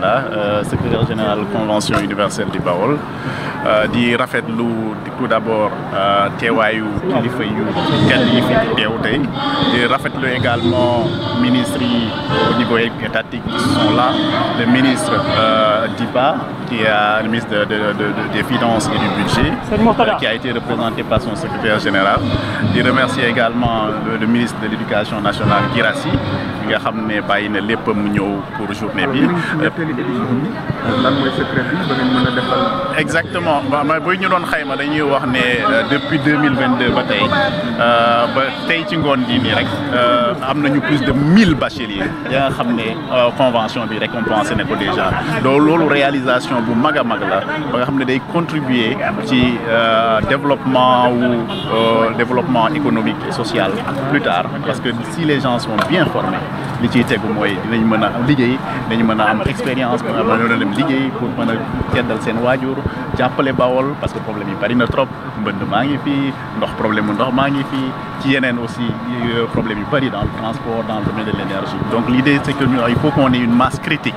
la euh, secrétaire général convention universelle du Baol. Euh, dit Rafet Lou. tout d'abord euh, teewaayu kilifa yu tedd yi fi et également ministre au niveau étatique qui sont là le ministre dipa qui est le ministre des Finances et du Budget qui a été représenté par son secrétaire général dit remercie également le, ministre de l'Éducation nationale Girassi, nga xam ne bàyyi na lépp ñëw pour journée bi. lan mooy secret bi ba a defal. exactement ba mais boy ñu doon xayma dañuy wax né euh, depuis 2022. mille vingt deux ba tay euh, ci ngone gi ni rek euh, am nañu plus de 1000 bacheliers ya nga xamné ne convention bi récompense né ko déjà donc loolu réalisation bu maga mag la ba nga xamné day contribuer ci développement euh, développement économique et social plus tard parce que si les gens sont bien formés li ciy tegu mooy dinañ mën a liggéey dañu mën a am expérience pour mën a dem liggéey pour mën a teddal seen waajur jàppale Bawol parce que problème yi bari na trop mbënd maa ngi fii ndox problème mu ndox maa ngi fii ci yeneen aussi euh, problème yu bari dans le transport dans le domaine de l'énergie donc l'idée c'est que il faut qu'on ait une masse critique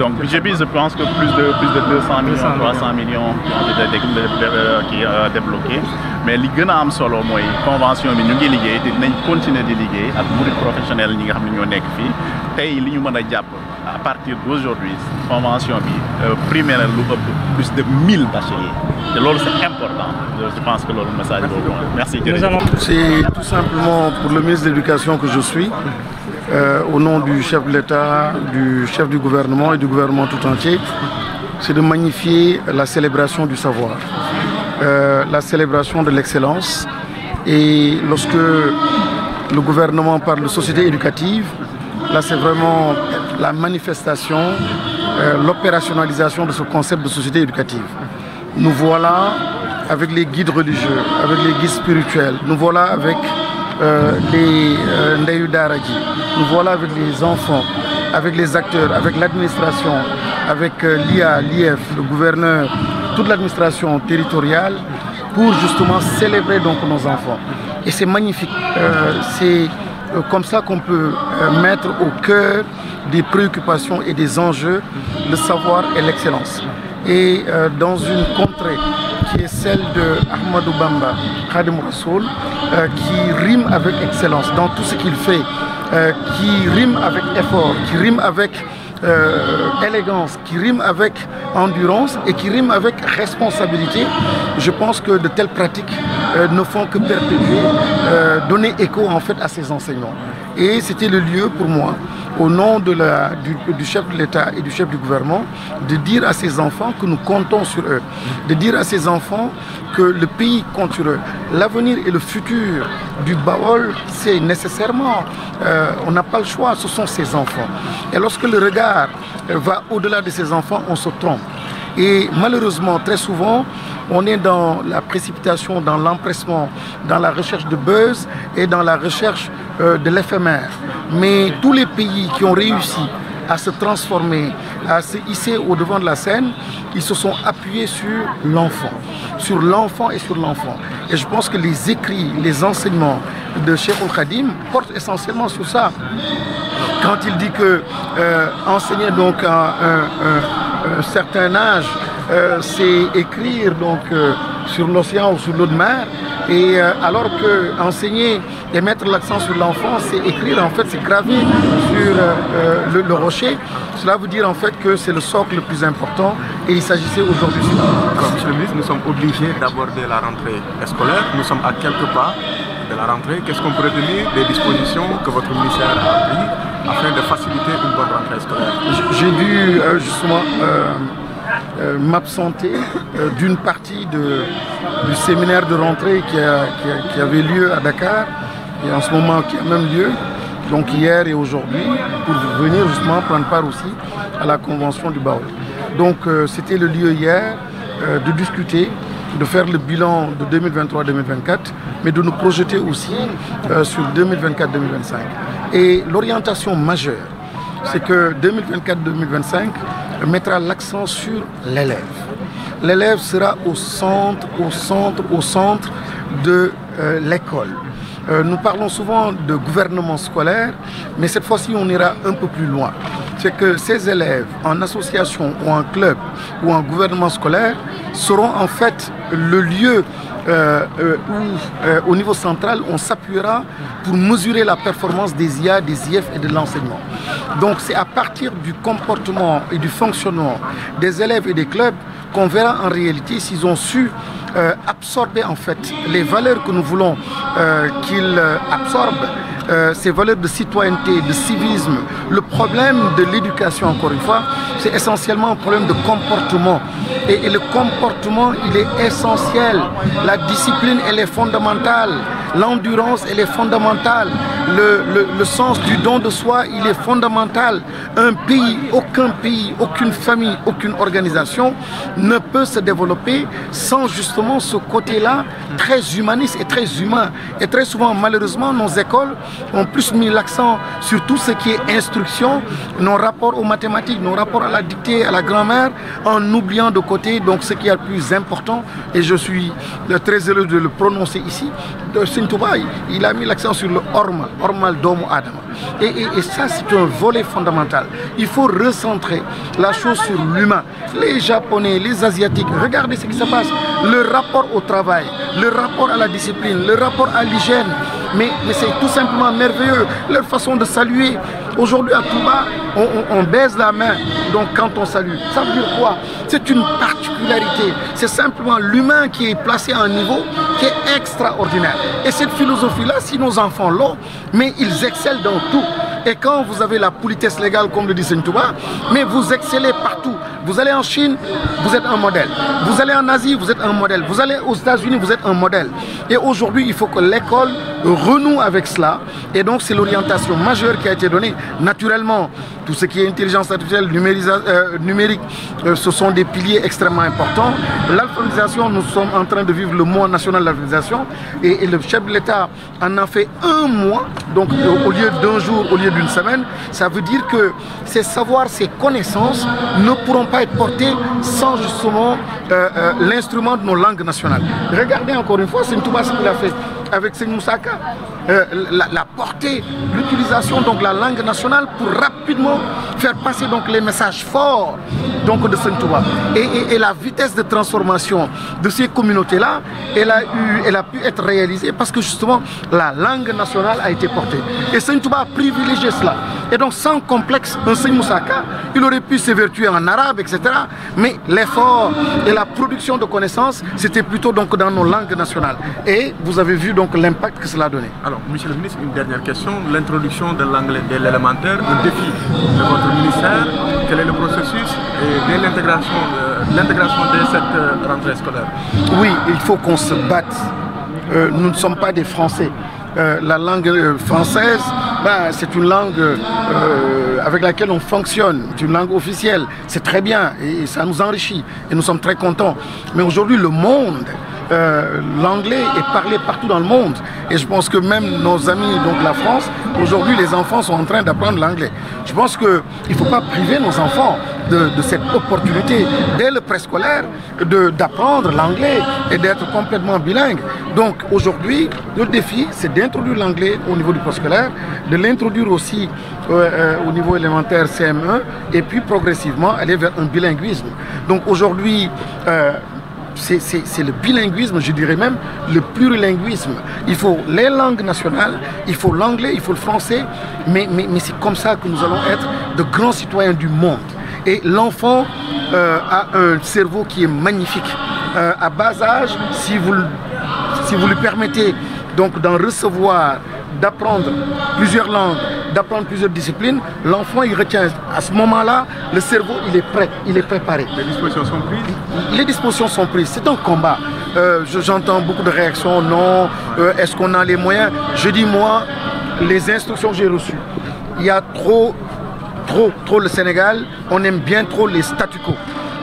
Donc, je pense que plus de, plus de 200 millions, 300 millions qui ont euh, été débloqués. mais les gens am solo mooy convention bi ñu ngi liggéey te continuer di liggéey ak murid professionnel ñi nga débloqués. ne ñoo nekk fii li a à partir d'aujourd'hui convention bi euh, primé plus de 1000 bacheliers Et c'est important je pense que c'est le message Merci. merci c'est tout simplement pour le ministre de l'éducation que je suis euh, au nom du chef de l'État, du chef du gouvernement et du gouvernement tout entier, c'est de magnifier la célébration du savoir, euh, la célébration de l'excellence. Et lorsque le gouvernement parle de société éducative, là c'est vraiment la manifestation, euh, l'opérationnalisation de ce concept de société éducative. Nous voilà avec les guides religieux, avec les guides spirituels, nous voilà avec euh, les euh, ndeyu nous voilà avec les enfants avec les acteurs avec l'administration avec euh, l'IA l'IF, le gouverneur toute l'administration territoriale pour justement célébrer donc nos enfants et c'est magnifique c'est comme ça qu'on peut mettre au cœur des préoccupations et des enjeux le savoir et l'excellence et euh, dans une contrée qui est celle de Ahmadou Bamba Khadim Rasoul, euh, qui rime avec excellence dans tout ce qu'il fait, euh, qui rime avec effort, qui rime avec euh, élégance, qui rime avec endurance et qui rime avec responsabilité, je pense que de telles pratiques euh, ne font que perpétuer, euh, donner écho en fait à ces enseignements. Et c'était le lieu pour moi, au nom de la, du, chef de l'État et du chef du gouvernement, de dire à ces enfants que nous comptons sur eux, de dire à ces enfants que le pays compte sur eux. L'avenir et le futur du Baol, c'est nécessairement, on n'a pas le choix, ce sont ces enfants. Et lorsque le regard va au-delà de ses enfants, on se trompe. Et malheureusement, très souvent, on est dans la précipitation, dans l'empressement, dans la recherche de buzz et dans la recherche euh, de l'éphémère. Mais tous les pays qui ont réussi à se transformer, à se hisser au devant de la scène, ils se sont appuyés sur l'enfant, sur l'enfant et sur l'enfant. Et je pense que les écrits, les enseignements de Cheikh Al-Khadim portent essentiellement sur ça quand il dit que euh, enseigner donc à un, certain âge, euh, c'est écrire donc euh, sur l'océan ou sur l'eau de mer, et alors que enseigner et mettre l'accent sur l'enfant, c'est écrire, en fait, c'est graver sur le, rocher. Cela veut dire en fait que c'est le socle le plus important et il s'agissait aujourd'hui. Monsieur le ministre, nous sommes obligés d'aborder la rentrée scolaire. Nous sommes à quelques pas de la rentrée. Qu'est-ce qu'on pourrait donner des dispositions que votre ministère a prises afin de faciliter une bonne rentrée scolaire. J'ai dû euh, justement euh, euh, m'absenter d'une partie de, du séminaire de rentrée qui, avait lieu à Dakar et en ce moment qui a même lieu, donc hier et aujourd'hui, pour venir justement prendre part aussi à la convention du Baou. Donc c'était le lieu hier de discuter de faire le bilan de 2023-2024, mais de nous projeter aussi euh, sur 2024-2025. Et l'orientation majeure, c'est que 2024-2025 mettra l'accent sur l'élève. L'élève sera au centre, au centre, au centre de euh, l'école, euh, nous parlons souvent de gouvernement scolaire, mais cette fois-ci, on ira un peu plus loin. C'est que ces élèves, en association ou en club ou en gouvernement scolaire, seront en fait le lieu euh, euh, où, au niveau central, on s'appuiera pour mesurer la performance des IA, des IF et de l'enseignement. Donc c'est à partir du comportement et du fonctionnement des élèves et des clubs qu'on verra en réalité s'ils ont su euh, absorber en fait les valeurs que nous voulons euh, qu'il euh, absorbe, ces valeurs de citoyenneté, de civisme. Le problème de l'éducation, encore une fois, c'est essentiellement un problème de comportement. et, le comportement, il est essentiel. La discipline, elle est fondamentale. L'endurance, elle est fondamentale le, sens du don de soi, il est fondamental. Un pays, aucun pays, aucune famille, aucune organisation ne peut se développer sans justement ce côté-là très humaniste et très humain. Et très souvent, malheureusement, nos écoles ont plus mis l'accent sur tout ce qui est instruction, nos rapports aux mathématiques, nos rapports à la dictée, à la grammaire, en oubliant de côté donc ce qui est le plus important. Et je suis très heureux de le prononcer ici. De Sintouba, il a mis l'accent sur le orme ormal d'homme Adam et, et, ça c'est un volet fondamental il faut recentrer la chose sur l'humain les japonais les asiatiques regardez ce qui se passe le rapport au travail le rapport à la discipline le rapport à l'hygiène mais, mais c'est tout simplement merveilleux leur façon de saluer Aujourd'hui, à Touba, on, on, baise la main, donc quand on salue. Ça veut dire quoi C'est une particularité. C'est simplement l'humain qui est placé à un niveau qui est extraordinaire. Et cette philosophie-là, si nos enfants l'ont, mais ils excellent dans tout. Et quand vous avez la politesse légale, comme le disait Touba, mais vous excellez partout. Vous allez en Chine, vous êtes un modèle. Vous allez en Asie, vous êtes un modèle. Vous allez aux États-Unis, vous êtes un modèle. Et aujourd'hui, il faut que l'école renoue avec cela. Et donc, c'est l'orientation majeure qui a été donnée. Naturellement, tout ce qui est intelligence artificielle, euh, numérique, euh, ce sont des piliers extrêmement importants. L'alphabétisation, nous sommes en train de vivre le mois national de l'alphabétisation. Et, le chef de l'État en a fait un mois, donc euh, au lieu d'un jour, au lieu d'une semaine. Ça veut dire que ces savoirs, ces connaissances ne pourront pas être portés sans justement l'instrument de nos langues nationales. Regardez encore une fois, c'est une Thomas qu'il a fait avec Seigneur Moussaka, euh, la, portée, l'utilisation donc la langue nationale pour rapidement faire passer donc les messages forts donc de Saint-Touba. Et, la vitesse de transformation de ces communautés-là, elle, a eu, elle a pu être réalisée parce que justement la langue nationale a été portée. Et Saint-Touba a privilégié cela. Et donc sans complexe, un Moussaka, il aurait pu s'évertuer en arabe, etc. Mais l'effort et la production de connaissances, c'était plutôt donc dans nos langues nationales. Et vous avez vu l'impact que cela a donné. Alors, Monsieur le ministre, une dernière question. L'introduction de l'anglais de l'élémentaire, le défi de votre ministère. Quel est le processus et l'intégration euh, de, cette euh, rentrée scolaire Oui, il faut qu'on se batte. Euh, nous ne sommes pas des Français. la langue française, ben, c'est une langue avec laquelle on fonctionne, c'est une langue officielle. C'est très bien et ça nous enrichit et nous sommes très contents. Mais aujourd'hui, le monde euh, l'anglais est parlé partout dans le monde. Et je pense que même nos amis, donc la France, aujourd'hui les enfants sont en train d'apprendre l'anglais. Je pense que ne faut pas priver nos enfants de, cette opportunité dès le préscolaire d'apprendre l'anglais et d'être complètement bilingue. Donc aujourd'hui, le défi, c'est d'introduire l'anglais au niveau du préscolaire, de l'introduire aussi euh, euh, au niveau élémentaire CM1 e, et puis progressivement aller vers un bilinguisme. Donc aujourd'hui, c'est le bilinguisme, je dirais même le plurilinguisme. Il faut les langues nationales, il faut l'anglais, il faut le français, mais, mais, c'est comme ça que nous allons être de grands citoyens du monde. Et l'enfant euh, a un cerveau qui est magnifique. Euh, à bas âge, si vous, si vous lui permettez donc d'en recevoir, d'apprendre plusieurs langues, d'apprendre plusieurs disciplines, l'enfant il retient. À ce moment-là, le cerveau il est prêt, il est préparé. Les dispositions sont prises Les dispositions sont prises. C'est un combat. Euh, j'entends beaucoup de réactions, non, euh, est-ce qu'on a les moyens Je dis moi, les instructions que j'ai reçues, il y a trop, trop, trop le Sénégal, on aime bien trop les statu quo.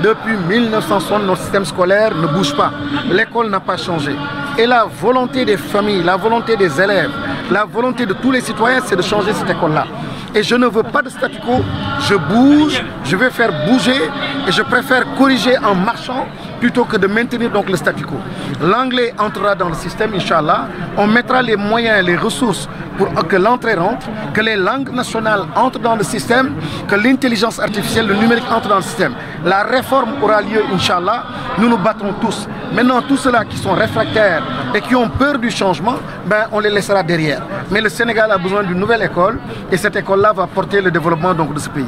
Depuis 1960, notre système scolaire ne bouge pas. L'école n'a pas changé. Et la volonté des familles, la volonté des élèves, la volonté de tous les citoyens, c'est de changer cette école-là. Et je ne veux pas de statu quo, je bouge, je veux faire bouger et je préfère corriger en marchant plutôt que de maintenir donc le statu quo. L'anglais entrera dans le système, inshallah. On mettra les moyens et les ressources pour que l'entrée rentre, que les langues nationales entrent dans le système, que l'intelligence artificielle, le numérique entre dans le système. La réforme aura lieu, Inch'Allah nous nous battons tous. Maintenant, tous ceux-là qui sont réfractaires et qui ont peur du changement, ben, on les laissera derrière. Mais le Sénégal a besoin d'une nouvelle école et cette école-là va porter le développement donc, de ce pays.